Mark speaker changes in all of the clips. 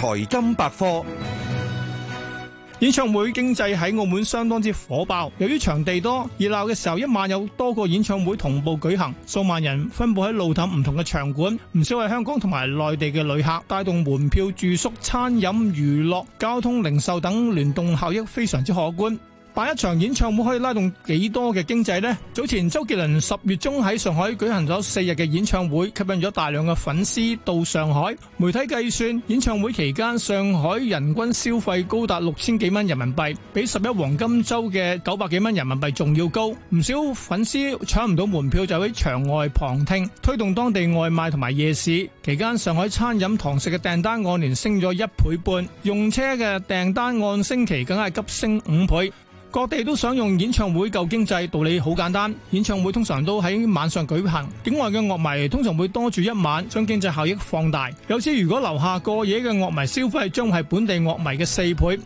Speaker 1: 財金百科，演唱會經濟喺澳門相當之火爆。由於場地多，熱鬧嘅時候一晚有多個演唱會同步舉行，數萬人分布喺路氹唔同嘅場館，唔少係香港同埋內地嘅旅客，帶動門票、住宿、餐飲、娛樂、交通、零售等聯動效益非常之可觀。辦一場演唱會可以拉動幾多嘅經濟呢？早前周杰倫十月中喺上海舉行咗四日嘅演唱會，吸引咗大量嘅粉絲到上海。媒體計算演唱會期間，上海人均消費高達六千幾蚊人民幣，比十一黃金週嘅九百幾蚊人民幣仲要高。唔少粉絲搶唔到門票就喺場外旁聽，推動當地外賣同埋夜市。期間上海餐飲堂食嘅訂單按年升咗一倍半，用車嘅訂單按星期梗係急升五倍。各地都想用演唱會救經濟，道理好簡單。演唱會通常都喺晚上舉行，境外嘅樂迷通常會多住一晚，將經濟效益放大。有時如果留下過夜嘅樂迷消費，將係本地樂迷嘅四倍。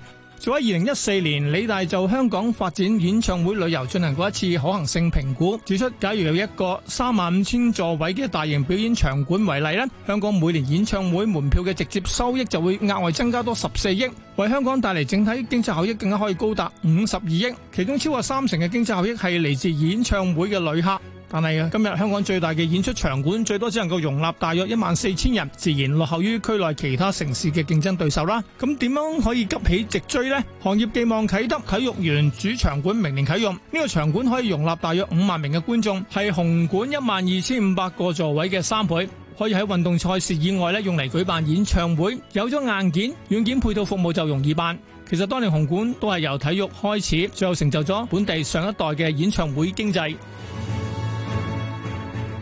Speaker 1: 早喺二零一四年，理大就香港發展演唱會旅遊進行過一次可行性評估，指出假如有一個三萬五千座位嘅大型表演場館為例呢，香港每年演唱會門票嘅直接收益就會額外增加多十四億，為香港帶嚟整體經濟效益更加可以高達五十二億，其中超過三成嘅經濟效益係嚟自演唱會嘅旅客。但係今日香港最大嘅演出場館最多只能夠容納大約一萬四千人，自然落後於區內其他城市嘅競爭對手啦。咁點樣可以急起直追呢？行業寄望啟德體育園主場館明年啟用，呢個場館可以容納大約五萬名嘅觀眾，係紅館一萬二千五百個座位嘅三倍，可以喺運動賽事以外咧用嚟舉辦演唱會。有咗硬件、軟件配套服務就容易辦。其實當年紅館都係由體育開始，最後成就咗本地上一代嘅演唱會經濟。